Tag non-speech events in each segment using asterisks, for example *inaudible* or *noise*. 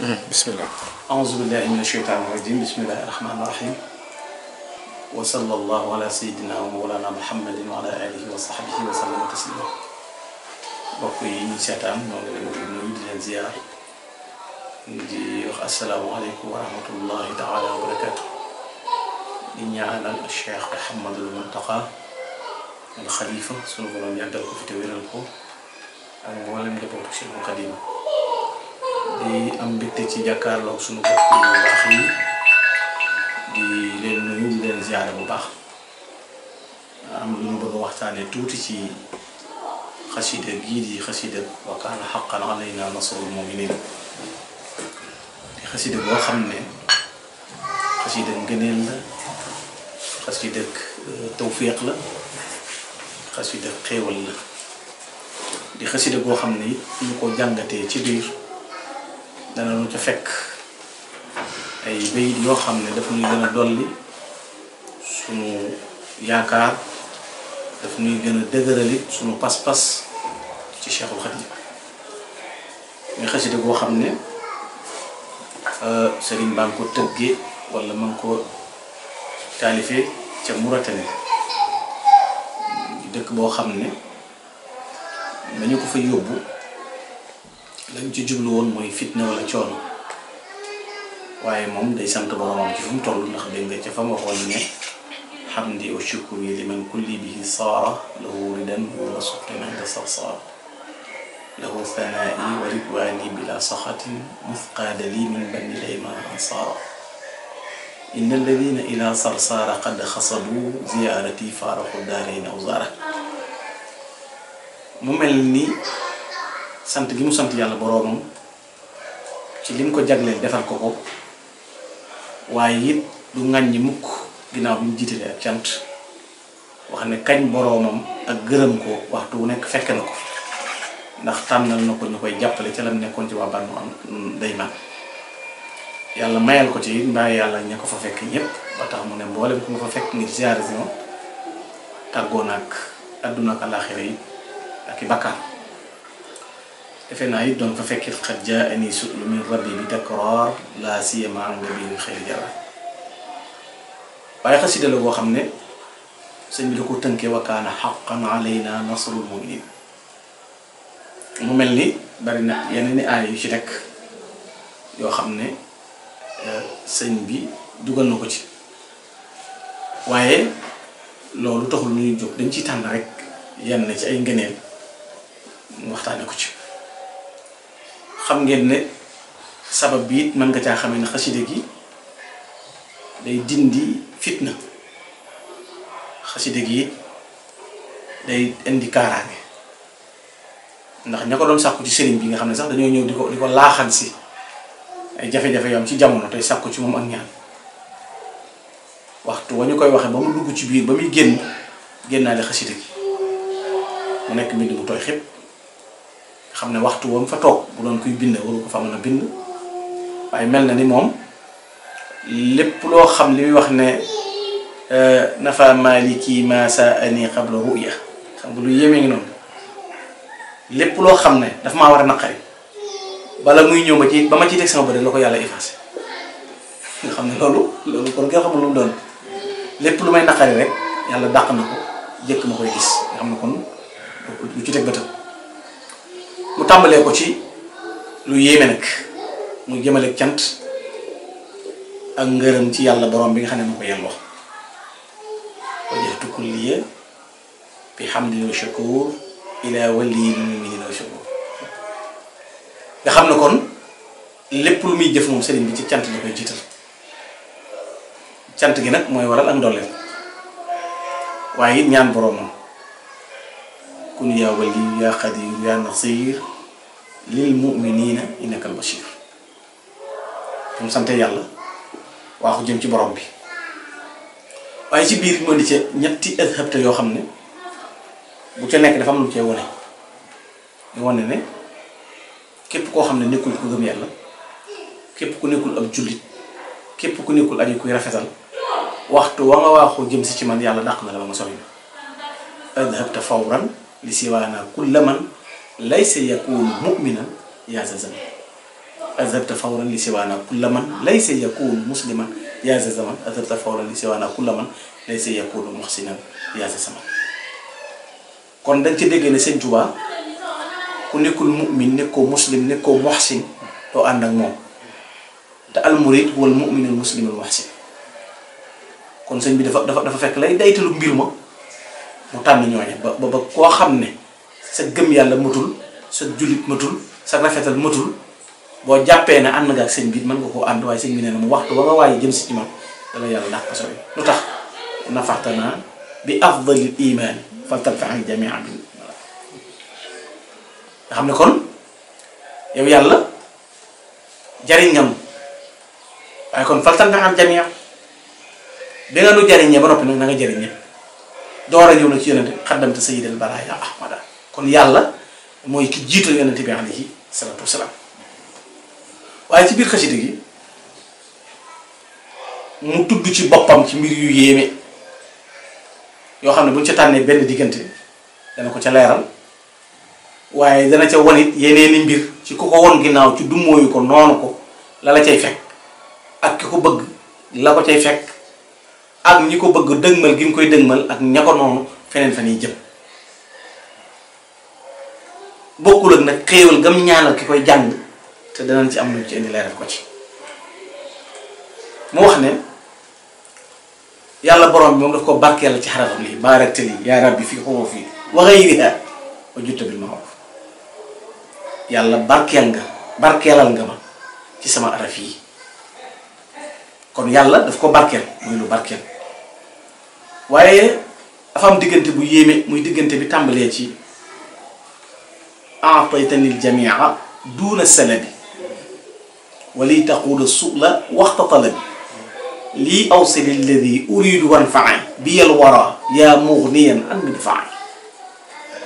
Mhm. bismillah aouzu billahi min asheytaan rajim bismillahi rahmaani rahim wa sallallahu ala sayyidina wa mawlana muhammadin wa ala alihi wa sahbihi wa sallama taslima mbokk yi ñu seetaan ñoo ngi leen nuyu di leen ziyaar di wax asalaamaaleykum wa rahmatullahi taala wa barakatu di ñaanal cheikh Mouhamadul Muntaqa al xalifa sunu borom yàggal ko fi te wéral ko ak mboolem njabootu Cheikhul Xadim di am mbégte ci jàkkaarloog suñu bopp yu baax yi di leen nuyu di leen ziare bu baax am lu ñu bëgg a waxtaanee tuuti ci xasida gii di xasida wa kaana xaqan alayna nasrul muminin di xasida boo xam ne xasida ngëneel la xasida tawféex la xasida xéewal la di xasida goo xam ne it ñu ko jàngatee ci biir. dana nu ca fekk ay bayit yoo xam ne daf ñuy gën a dolli sunu yaakaar daf ñuy gën a dëgërali sunu pas-pas ci Cheikhul Khadim muy xasida boo xam ne euh, sëriñ baa ngi ko tëggee wala ma ngi ko taalifee ca Mauritanie dëkk boo xam ne nañu ko fa yóbbu lañ ci jublu woon fitna wala coono waaye moom day sant boromam ci fu mu toll ndax dégg ca fa mu waxoon ne xamdi wa shukru kulli bihi saara lahu ridan wala suxtin inda sarsaar lahu thanaa'i wa ridwaani bila saxatin mufqaada li min bani laymaan ansaara inna alladina ila qad xasadu ziyaarati faaraxu daareyn aw zaara sant gi mu sant yàlla boroomam ci lim ko jagleel defal ko ko waaye it du ŋàññi mukk ginnaaw bi mu jiitalee ak cant wax ne kañ boroomam ak gërëm ko waxtu wu nekk fekk na ko ndax tànnal na ko ñu koy jàppale ca la nekkoon ci waa Banu am day man yàlla mayal ko ci mbaa yàlla ña ko fa fekk ñëpp ba tax mu ne mboolem ku nga fa fekk ngir ziyaare si ma tàggoo naag àdduna ak àllaaxira yi ak i bakkaar defe naa it doon ko fekkit xat jaa ani sutlu min rabbi bi takraar laa siyama an nabi xëyri jara waaye xasida la boo xam ne sëñ bi ko tënkee wa kaana xaqan alayna nasrul muminin mu mel ni bari na yeneen ni yu ci nekk yoo xam ne eh, sëñ bi dugal na ko ci waaye loolu taxul ñuy jóg dañ ci tànn rek yenn ci ay ngëneel mu waxtaane ko ci xam ngeen ne sabab bi it mën nga caa xamee ne xasida gi day dindi fitna xasida gi day indi kaaraange ndax ña ko doon sàkku ci sëriñ bi nga xam ne sax dañoo ñëw di ko di ko laaxan si ay jafe-jafe yoo ci jamono tey sàkku ci moom ak ñaan waxtu wa ñu koy waxee ba mu dugg ci biir ba muy génn génnaale xasida gi mu nekk mbind mu tooy xëpp xam ne waxtu wam fa toog bu doon kuy bind waru ko fa mën a waaye mel na ni moom lépp loo xam li wax ne euh, nafa maliki ma sa ani qabla ruya xam nga loo xam ne daf maa war a naqari bala muy ñëw ma ci ba ma ciy teg xam ne loolu lu doon lépp lu may naqari rek yàlla dàq na ko jëkk ma koy gis nga xam ne kon du ci teg mu tàmbalee ko ci lu yéeme nag muy jëmale cant ak ngërëm ci yàlla borom bi nga xam ne moo ko yelloo wajjahtu kulliya bi hamdin wa shakur xam ne kon lépp lu muy jëf moom bi ci cant la koy jiital cant gi nag mooy waral ak ndolleel waaye it ñaan boromam kun yaa waliyu yaa xadiru yaa nasiir lil mu'miniina innaka al bashir mu sante yàlla waaxu jëm ci borom bi waaye ci biir moo di ci ñetti adhabta yoo xam ne bu ca nekk dafa am lu cee wane ñu wane ne képp koo xam ne nekkul ku gëm yàlla képp ku nekkul ab yi képp ku nekkul aji kuy rafetal waxtu wa nga waaxoo jëm si ci man yàlla dàq na la ba ma sori adhabta fawran li siwaana kulla man laysa yakunu muminan yaa zazam azabta fawran li siwaana kulla man laysa yakunu musliman yaa zazam azabta fawran li siwaana kulla man laysa yakunu muhsinan yaa zazam kon dañ ci déggee ne sëñ Tuubaa ku nekkul mu'min nekkoo muslim nekkoo muhsin doo ànd ak moom te almurid wal mu'minul muslimul muhsin kon sëñ bi dafa dafa fekk lay daytalu mbir ma mu tànn ñooñu ba ba koo xam ne. sa gëm yàlla matul sa jullit matul sa rafetal matul boo jàppee ne ànd nga ak sëñ bi mën nga koo ànd waaye sëñ bi nee na mu waxtu ba nga waaye jëm si ci man dala lu tax nafaxtanaa bi afdalil iman fal xam ne kon yow yàlla jariñ nga waaye kon fal tartaxi jamia bi nga nu jariñee ba noppi nag na nga jariñ ñëpp door a ñëw na ci yonente xaddamte sayidal kon yàlla mooy ki jiital yonente bi alayhi salaatu wasalaam waaye ci biir xasida gi mu tudd ci boppam ci mbir yu yéeme yoo xam ne buñ ca tànnee benn diggante dana ko ca leeral waaye dana ca wanit yeneeni mbir ci ku ko won ginnaaw ci dummóoyu ko noonu ko lala cay fekk ak ki ko bëgg la ko fekk ak ñi ko bëgg dëgmal gi nga koy dëgmal ak ña ko noonu feneen fan yi jëm bokkul ak nag xéewal gam ñaanal ki koy jàng te danañ ci am luñ ci indi leeral ko ci mu wax ne yàlla borom bi moom daf ko barkeel ci xarafam lii baaraktali yaa rabbi fii fii waxee yi a jutta yàlla barkeel nga barkeelal nga ma ci sama araf yi kon yàlla daf ko barkeel muy lu barkeel waaye dafa am diggante bu yéeme muy diggante bi tàmbalee ci aataytani ljamia duuna salabi wali taquula su'la waxta talabi lii awsili alladi uridu wan faan biyal wara yaa mugniyan an midfaan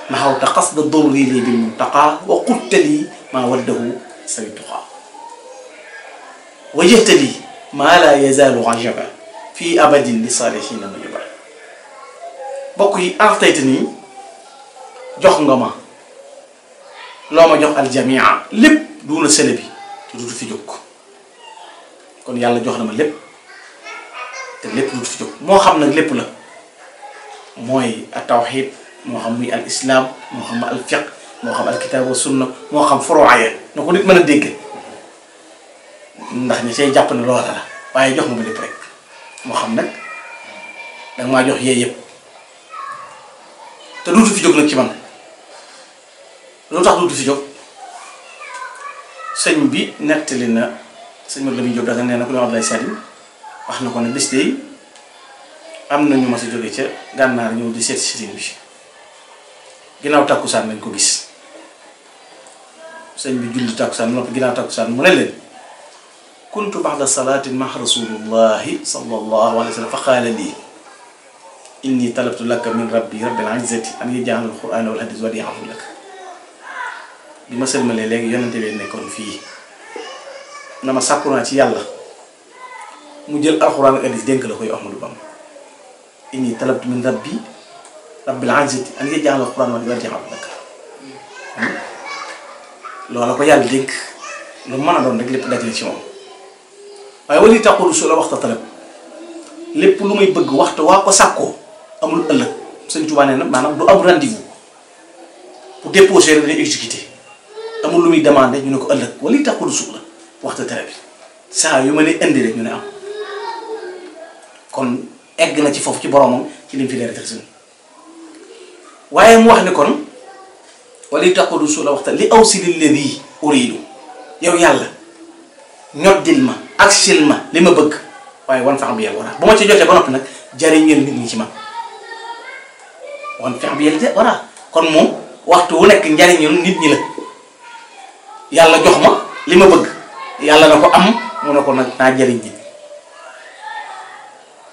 naxawta qasda dorri lii bil muntaqa wa qutta lii maa waddahu sawi tuqa wajahta lii maa laa yazaalu ajaba fii abadin li saalihiina mujaba bokk yi aataytani jox nga ma loo ma jox aljamia lépp duuna sële bi te du fi jóg kon yàlla jox na ma lépp te lépp du fi jóg moo xam nag lépp la mooy al tawxid moo xam muy al islam moo xam al fiq moo xam al kitaab wa sunna moo xam furuwaaya na ko nit mën a dégg ndax ñi say jàpp ne loola la waaye jox ma ma lépp rek moo xam nag danga maa jox yee yëpp te duutu fi jóg nag ci man lu tax du fi jóg sëñ bi nettali na sëñ Modou Lamine Diop dafa nee na ku ñu Abdoulaye Sall wax na ko ne bés am na ñu ma si jóge ca gànnaar ñëw di seet si sëriñ bi ginnaaw tàkkusaan lañ ko gis sëñ bi julli tàkkusaan noppi ginnaaw tàkkusaan mu ne leen kuntu baxda salaatin max rasulillahi sallallahu alayhi wa sallam fa qaala lii inni talabtu laka min rabbi rabbil izzati an yaj'ala al-qur'ana wal hadith wadi'an lak bi ma sëlmalee léegi yonente bi nekkoon fii na ma sàkku naa ci yàlla mu jël alxuraan ak dénk la koy Ahmadu Bamba inni talabtu min rabbi rabbil izzati an yaj'ala alxuraan wa yarjam abdaka mën a doon rek lépp dajale waaye wali taqulu su la waxta talab lépp lu may bëgg waxta waa ko sàkkoo amul ëllëg Sëñ na maanaam du am rendez-vous pour déposer rek day amul lu muy demandé ñu ne ko ëllëg wala li taxul suuf la waxtu tere bi saa yu ma ne indi rek ñu ne am kon egg na ci foofu ci boromam ci lim fi leer mu wax ne kon wala li taxul suuf la waxta aw si li leen yi yàlla ñoddil ma ak sil ma ma bëgg waaye wan fax bi yàlla wara bu ma ci jotee ba bi yàlla kon moom waxtu wu nekk njariñul nit ñi la. yàlla jox ma li ma bëgg yàlla na ko am moo ne ko nag naa jëriñ ñi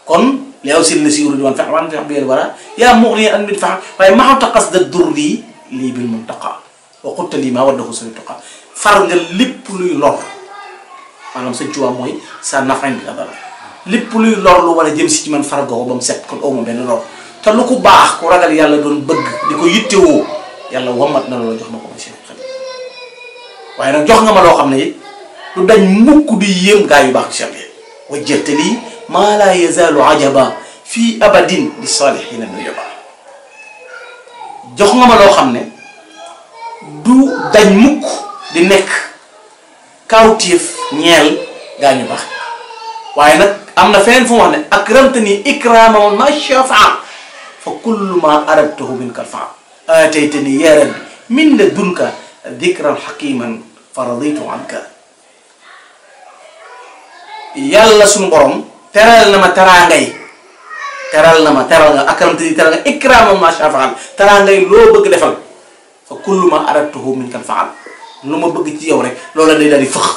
kon leew sil na si urudi wan fex wan fex bi yel wara yaa muux li an mit fex waaye maxaw taqas da dur lii lii bil mun taqa wa xutta lii maa wadda ko sori far nga lépp luy lor lu war a jëm si ci man far goo ba mu set kon aw ma benn lor te lu ko baax ku ragal yàlla doon bëgg di ko yittewoo yàlla wamat na loola jox ma ko ma waaye jox nga ma loo xam ne it lu dañ mukk di yéem gaa baax ci Cheikh bi wa jëtte lii maa laa fii abadin jox nga ma loo xam ne du dañ mukk di nekk kawtéef ñeel gaa baax waaye am na feneen fu mu wax ne akramtani ikraman ma shafa'a fa kullu ma aradtuhu minka fa'a ataytani ya rabbi min ladunka dikran hakiman faraditu abka yàlla suñu borom teral na ma teraangay teral na ma teral nga akramte ni teral nga ikraama teraangay loo bëgg defal fa kullu ma aradtuhu min kan faal lu ma bëgg ci yow rek loola day daal di fëx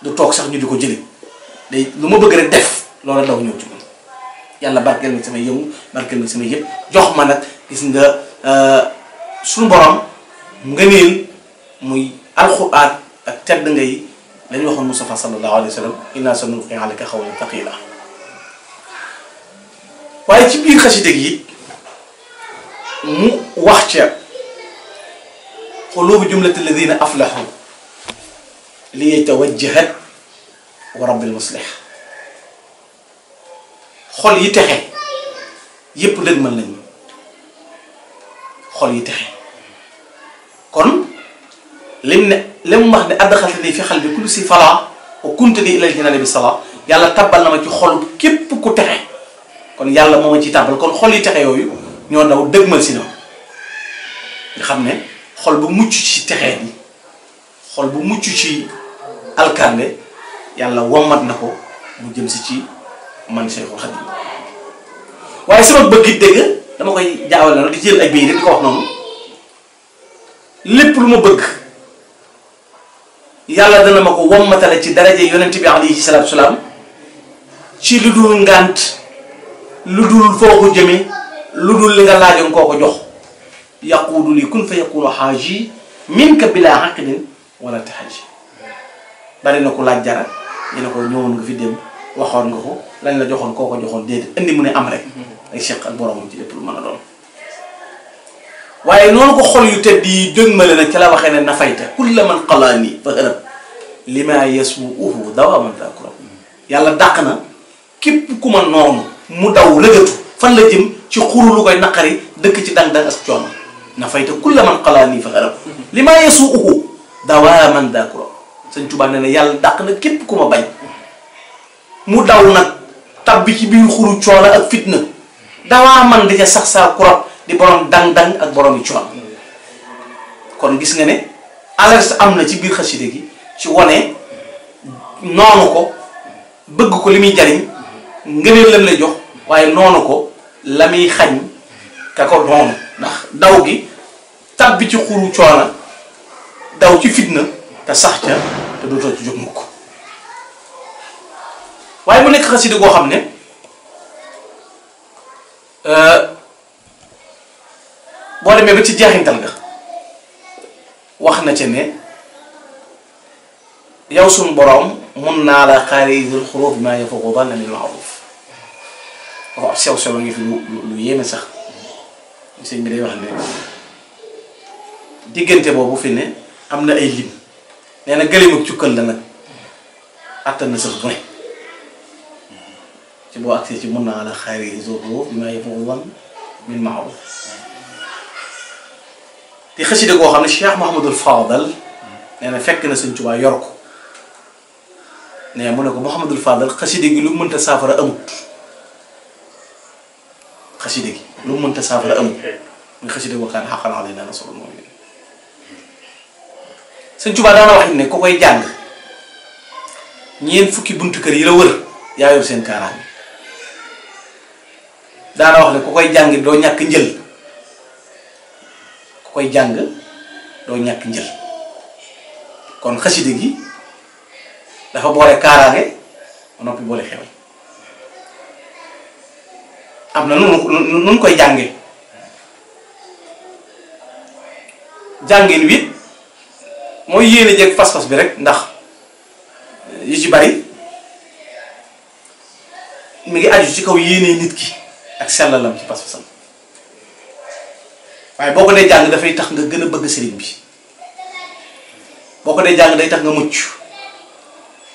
du toog sax ñu di ko jëli day lu ma bëgg rek def loola daw ñëw ci man yàlla barkeel na samay yëngu barkeel na samay yëpp jox ma nag gis nga euh, suñu borom ngëneel muy alxuraan ak tedd ngay yi lañu waxoon Mustafa sallallahu alayhi wa sallam inna sanulqi alayka xawlan taqila waaye ci biir xasida gi mu wax ca qulubu jumlati alladina aflahu li yatawajjahat wa rabbil muslih xol yi texe yépp dëgg mën nañu xol yi texe kon lim ne lim wax ne addaxalta nii fi xal bi kulli si falaa wa kunta nii ilal jinaani bi salaa yàlla tabbal na ma ci xol képp ku texe kon yàlla moo ma ci tabbal kon xol yi texe yooyu ñoo daw dëgmal si na nga xam ne xol bu mucc ci texee bi xol bu mucc ci alkande yàlla wommat na ko mu jëm si ci man Seexul Xadiim waaye sama bëgg dëgg dama koy jaawale na di jël ay bii di ko wax noonu lépp lu ma bëgg yàlla dana ma ko wommatale ci daraje yonent bi alayhi salaatu salaam ci lu dul ngànt lu dul foo ko jëme lu dul li nga laajoon koo ko jox yaquudu li kun fa yaqulu xaaji minka bilaa xaqidin wala taxaji bari na ku laaj dara ñu ne ko ñëwoon nga fi dem waxoon nga ko lañ la joxoon koo ko joxoon déedéet indi mu ne am rek mm-hmm. ay seq ak boromam ci lépp lu mën a doon waaye noonu ko xol yu tedd yi dëgmale nag ca la waxee ne nafayta kulla man qalaani fa hërëb li fa akrab yàlla dàq na képp mu daw lëgëtu fan la jëm ci xuru dëkk ci dang dang as coono nafayta kulla man qalaani fa hërëb li ma yasuuhu na yàlla dàq na képp ku ma bañ mu daw nag tabbi ci biir xuru coono ak fitna dawaa man di ca sax saa kurab di borom dang-dang ak borom yi coon kon gis nga ne alerte am na ci biir xaside gi ci wone noonu ko bëgg ko li muy jariñ ngëneel lam lay jox waaye noonu ko la muy xañ ka ko noonu ndax daw gi tàbbi ci xuru coona daw ci fitna te sax ca te dootoo ci jóg mukk waaye mu nekk xaside goo xam ne euh, boo demee ba ci jeexintal nga wax na ca ne yow suñu boroom mun naa la xaarijul xuruuf maa yafqudanna min ma'ruuf dafa oh, ab sew sew ngi fi lu lu yéeme sax sëñ bi day wax ne diggante boobu fi ne am na ay lim nee na gëléem ak cukkal la nag attan na sax bu ne ci boo agsee ci mun naa la xaarijul xuruuf maa yafqudanna min ma'ruuf di xasida koo xam ne Cheikh Mouhamadul Fadal nee na fekk na Sëñ Tuubaa yor ko nee mu ne ko Mouhamadul Fadal xasida gi lu mënta saafara amut saafara amut muy xasida koo xam ne xaqan alayna nasrul mu'minin Sëñ Tuubaa daana wax ne ku koy jàng ñeent fukki buntu kër yi la wër yaa yor seen kaaraan daana wax ne ku koy jàng doo ñàkk njël. koy jàng doo ñàkk njël kon xasida gi dafa boole kaaraange ba noppi boole xewal am na nu nu koy jànge jàngin wi mooy yéene jeeg fas-fas bi rek ndax yu ci bari mi ngi aju ci kaw yéene nit ki ak sellalam ci fas-fasam waaye boo ko dee jàng dafay tax nga gën a bëgg sëriñ bi boo ko dee jàng day tax nga mucc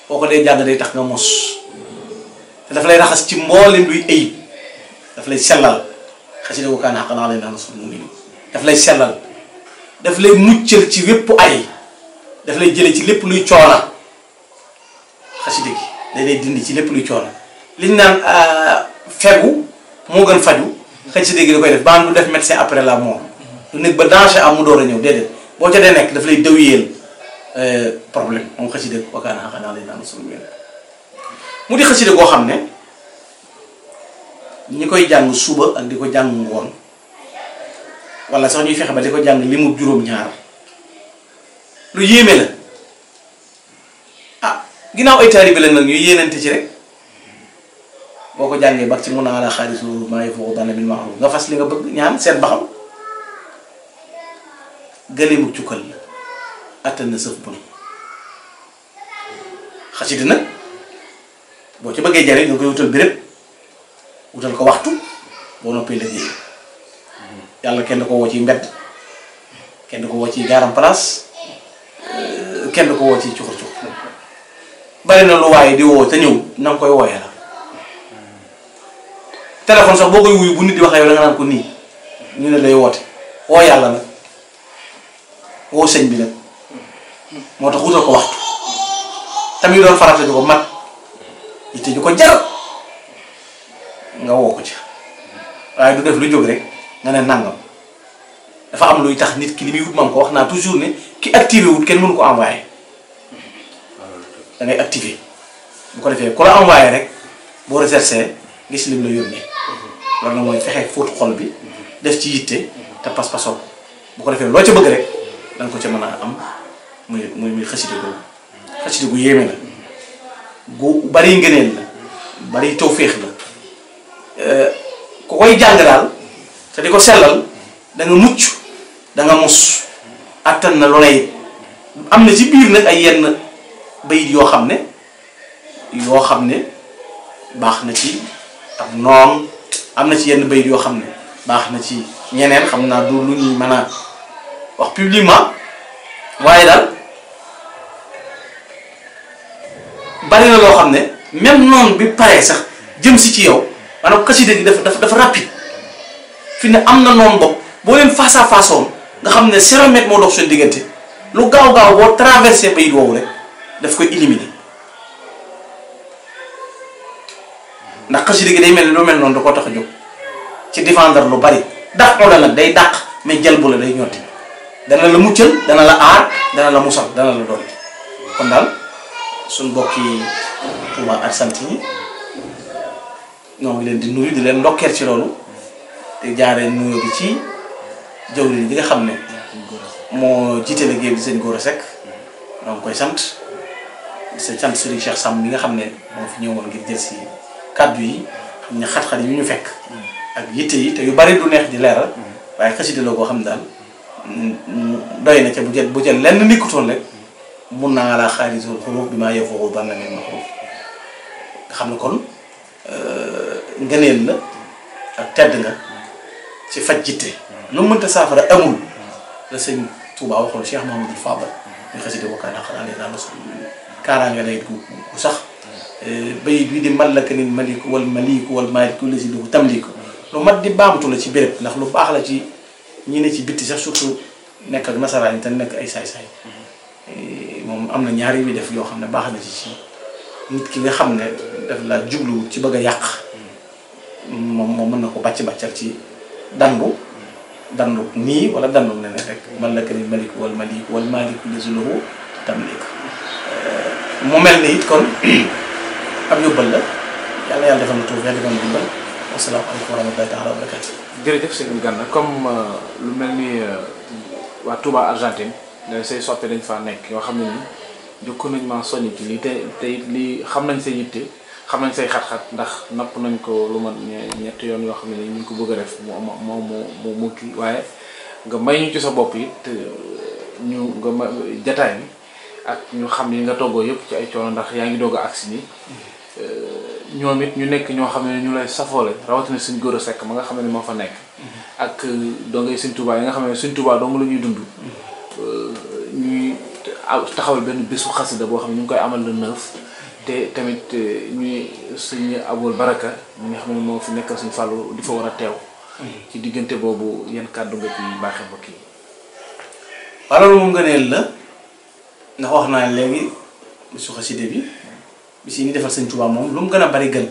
boo ko dee jàng day tax nga mos te dafa lay raxas ci mboolem luy ayib daf lay sellal xasida ko kaana xaqan alaynaa nasrul mu'miniin daf lay sellal daf lay muccal ci wépp ay daf lay jële ci lépp luy coona xasida gi day lay dindi ci lépp luy coona liñ naan euh, fegu moo gën faju xasida gi da koy def baan du def médecin après la mort du ba danger am mu door a ñëw déedéet boo ca dee nekk daf lay dëwyeel euh, problème moom xasida wakaana xaqanaa lay naan suñu wéen mu di xasida koo xam ne ñi koy jàng suba ak di ko jàng ngoon wala sax ñuy fexe ba ko jàng limu juróom-ñaar lu yéeme la ah ginnaaw ay taalibe la nag ñuy yéenante ci rek boo ko jàngee bak ci mun naa la xaalis maa ngi foofu dana min nga fas li nga bëgg ñaan seet ba xam gëleemu cukkal la attan na sëf bon xasida nag boo ci bëggee jariñ nga koy wutal béréb wutal ko waxtu boo noppee liggéey yàlla kenn ko woo ci mbedd kenn ko woo ci gaaram place euh, kenn ko woo ci cukur cukur bari na lu waaye di woo te ñëw na koy wooyee la téléphone sax boo koy wuyu bu nit di wax yow da naan ko nii ñu ne lay woote woo yàlla nag woo sëñ bi nag moo tax wutal ko waxtu tamit doon farata ju ko mat yitte ju ko jar nga woo ko ci waaye du def lu jóg rek nga ne nangam dafa am luy tax nit ki li muy wut man ko wax naa toujours ne ki active wut kenn mënu ko envoyé da ngay active bu ko defee ku la envoyé rek boo recherché gis lim la yónnee loolu nag mooy fexe fóotu xol bi def ci yitte te pas-pasoo bu ko defee loo ci bëgg rek. danga ko ca mën a am muy muy muy xasida googu xasida gu yéeme la gu bari ngëneel la bari tawféex la euh, ku koy jàng daal te di ko sellal danga mucc danga nga mus attan na lu lay am na ci biir nag ay yenn bayit yoo xam ne yoo xam ne baax na ci ak noon am na ci yenn bayit yoo xam ne baax na ci ñeneen xam naa du lu ñuy mën a wax publiquement waaye daal bari na loo xam ne même noonu bi paree sax jëm si ci yow maanaam kasida gi dafa dafa dafa fi ne am na noonu bopp boo leen face à nga xam ne zéro mètre moo dox seen diggante lu gaaw gaaw boo traversé bayit woowu rek daf koy éliminer ndax kasida gi day mel ni lu mel noonu da koo tax a ci défendre lu bari dàq la day dàq mais jël la day ñotti. dana la muccal dana la aar dana la musal dana la doon kon daal suñ bokki Touba ak sant ñi ñoo leen di nuyu di leen ndokkeel ci loolu te jaaree nuyoo bi ci jawriñ bi nga xam ne moo jiite liggéey bi seen góor Seck ñoo ngi koy sant di sa sant Serigne Cheikh Sam bi nga xam ne moo fi ñëwoon ngir jël si kàddu yi ñu ne xat-xat yi ñu fekk ak yitte yi te yu bari du neex di leeral waaye xasida la koo xam daal doy na ca bu jël bu jël lenn nekkutoon rek mun naa laa xaarisul xuruuf bi maa yafoo dana ne ma xuruuf nga xam ne kon euh, ngëneel la ak tedd nga ci faj jitte lu mu mënta saafara amul la sëñ sax euh, bay bii di mallaka nil maliku wal maliku wal maaliku la mat di baamtu la ci béréb ndax lu baax la ci. ñi ne ci bitti sax surtout nekk ak nasaraan yi te nekk ay saay-saay eh, moom am na ñaari bi def yoo xam ne baax na ci ci nit ki nga xam ne daf laa jublu ci bëgg a yàq moom moom mën na ko bàcc bàccal ci dandu dandu nii wala dandu ne ne rek man la ni malik wal malik wal malik lizulahu tamlik eh, mu mel ni it kon am *clears throat* yóbbal la yàlla yàlla defal na yàlla defal na dimbal asalaamaaleykum wa rahmatulaahi taala wa barakaatu. Euh, lu mel ni euh, waa Touba Argentine ne euh, say soppe dañ yoo xam ne nii jokkoon nañ maa soññ ci tey lii xam nañ say yitte xam say xat ndax napp nañ ko lu ma yoon yoo xam ne nii ngi ko bëgg a def mu mu mu mu kii waaye nga may ñu ci sa bopp it ñu nga jataay ak ñu xam yi nga toggoo yëpp ci ay coono ndax yaa ngi doog a agsi ñoom it ñu nekk ñoo xam ne ñu lay safoole rawatina suñ góor a sekk ma nga xam ne moo fa nekk mm-hmm. ak euh, dongay suñ Tuubaa yi nga xam ne suñ Tuubaa dong la ñuy dund mm-hmm. euh, ñuy taxawal benn bésu xasida boo xam ne ñu ngi koy amal le neuf te tamit euh, ñuy suñu abul baraka ñi moo fi nekkal suñ fàllu di fa a teew mm-hmm. ci diggante boobu yan kàddu nga ci baaxe mbokk yi wala lu mu ngëneel la ndax wax naa léegi bésu xasida bi bis yi ñu defal sëñ Tuubaa moom lu mu gën a bari gën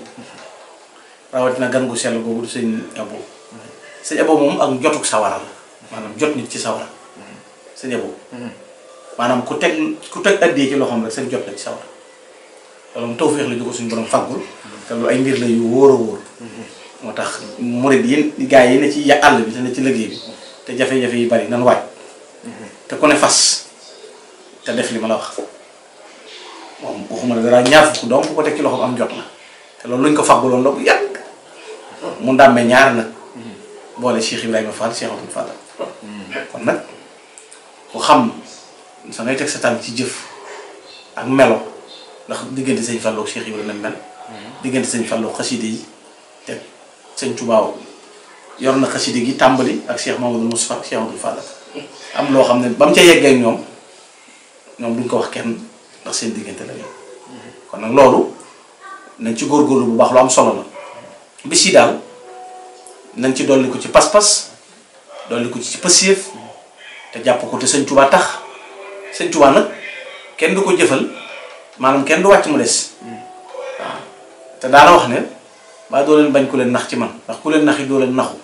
rawatina gan gu sell googu du sëñ Abo sëñ moom ak jotuk sawara la maanaam jot nit ci sawara sëñ Abo maanaam ku teg ku teg addee ci loxoom rek seen jot la ci sawara loolu moom tawféex la ñu ko suñu borom fàggul te lu ay mbir la yu wóor a wóor moo tax murid yi gaa yi ne ci àll bi te ci liggéey bi te jafe-jafe yi bari nan waaj te ku ne fas te def li ma la wax moom waxuma ne dara ñaar fukk donc bu ko teg ci loxo am jot na te loolu luñ ko fagaloon la bu yàgg mu ndàmmee ñaar na boole Cheikh Ibrahima Fall Cheikh Abdou Fall kon nag ku teg sa tànk ci jëf melo ndax diggante sëñ Fallou ak Cheikh Ibrahima mel diggante sëñ Fallou xaside yi teg sëñ Touba yor na xaside gi tàmbali ak am loo xam ne ba mu ca yeggee ñoom ñoom duñ ko wax kenn. ndax seen la kon nag loolu nañ ci góorgóorlu bu baax lu am solo la bis yi daal nañ ci dolli ci pas-pas dolli ko ci pësief te jàpp ko te sëñ Tuubaa tax sëñ Tuubaa kenn du ko jëfal maanaam kenn du wàcc mu des wax ne baa doo leen bañ ku leen nax ci man ndax ku leen nax yi doo leen naxu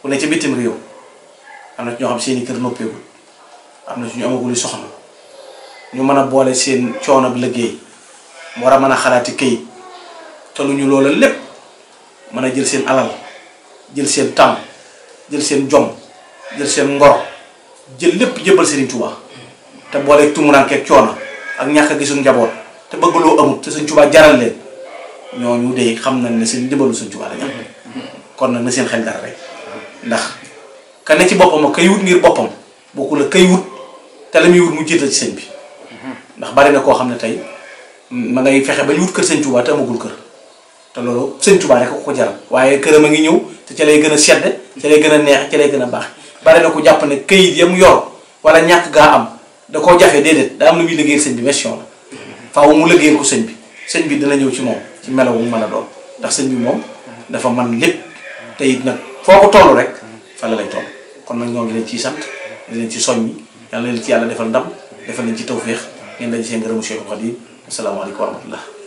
ku ne ci bitim réew am na ci ñoo xam seeni kër noppeegul am na ci ñu amagul soxna ñu mën a boole seen coono bi liggéey mu war a mën a xalaati këyit te lu ñu loola lépp mën a jël seen alal jël seen tàmm jël seen jom jël seen ngor jël lépp jëbal Sëriñ Tuubaa te boole tumurankeeg coono ak ñàkk a gisul njaboot te bëggloo amut te Sëriñ Tuubaa jaral leen ñooñu de xam nañ ne seen jëbalu Sëriñ Tuubaa la ñàkk kon nag na seen xel dara rek ndax ka ne ci boppam kay wut ngir boppam bokkul a kay wut te la muy wut mu jiital ci sëñ bi. ndax bari na koo xam ne tey ma ngay fexe ba ñu kër sëñ Touba te amagul kër te loolu sëñ Touba rek ko ko jaral waaye kër a ngi ñëw te ca lay gën a sedd ca lay gën a neex ca lay gën a baax bari na ko jàpp ne këyit yam yor wala ñàkk gaa am da koo jafe déedéet daa am lu muy liggéeyal sëñ bi mission la mu liggéeyal ko sëñ bi sëñ bi dana ñëw ci moom ci melaw mu mën a doon ndax sëñ bi moom dafa man lépp te it nag foo ko toll rek fa lay toll kon nag ñoo ngi ciy sant di leen ci soññi yàlla leen ci yàlla defal ndam defal leen ci tawféex ngeen daje seen ngërëmu Cheikhul Khadim asalaamaaleykum wa rahmatullah